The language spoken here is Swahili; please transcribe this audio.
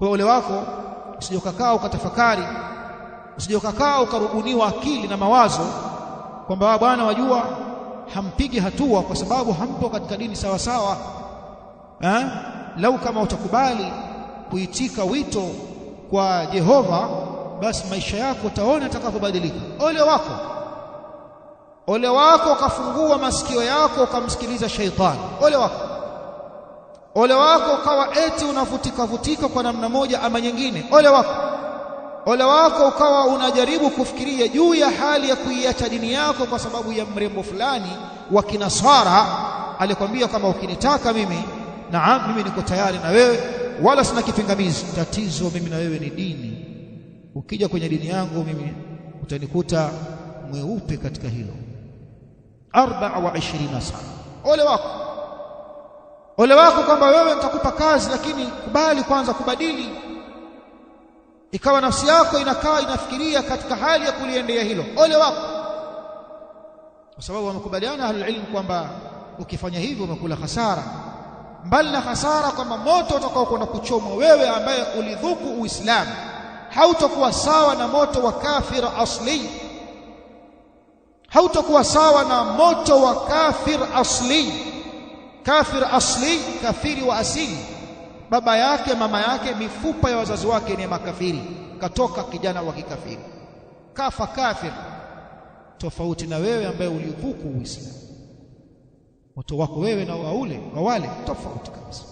kwa ole wako usijokakaa ukatafakari usijokakaa ukarubuniwa akili na mawazo kwamba bwana wajua hampigi hatua kwa sababu hampo katika dini sawa sawa eh lau kama utakubali kuitika wito kwa Jehova basi maisha yako utaona atakapobadilika ole wako ole wako ukafungua masikio yako ukamsikiliza sheitani ole wako ole wako ukawa eti unavutika vutika kwa namna moja ama nyingine ole wako ole wako ukawa unajaribu kufikiria juu ya hali ya kuiacha dini yako kwa sababu ya mrembo fulani wa kinaswara alikwambia kama ukinitaka mimi naam mimi niko tayari na wewe wala sina kipingamizi tatizo mimi na wewe ni dini ukija kwenye dini yangu mimi utanikuta mweupe katika hilo 24 sana ole wako Ole wako kwamba wewe nitakupa kazi, lakini kubali kwanza kubadili. Ikawa nafsi yako inakaa inafikiria katika hali ya kuliendea hilo, ole wako, kwa sababu wamekubaliana ahlul ilm kwamba ukifanya hivyo umekula hasara, mbali na hasara kwamba moto utakao kwenda kuchomwa wewe ambaye ulidhuku Uislamu hautakuwa sawa na moto wa kafir asli, hautakuwa sawa na moto wa kafir asli kafir asli, kafiri wa asili, baba yake mama yake mifupa ya wazazi wake ni makafiri, katoka kijana wa kikafiri, kafa kafir. Tofauti na wewe ambaye ulivuku Uislamu, moto wako wewe na waule wa wale tofauti kabisa.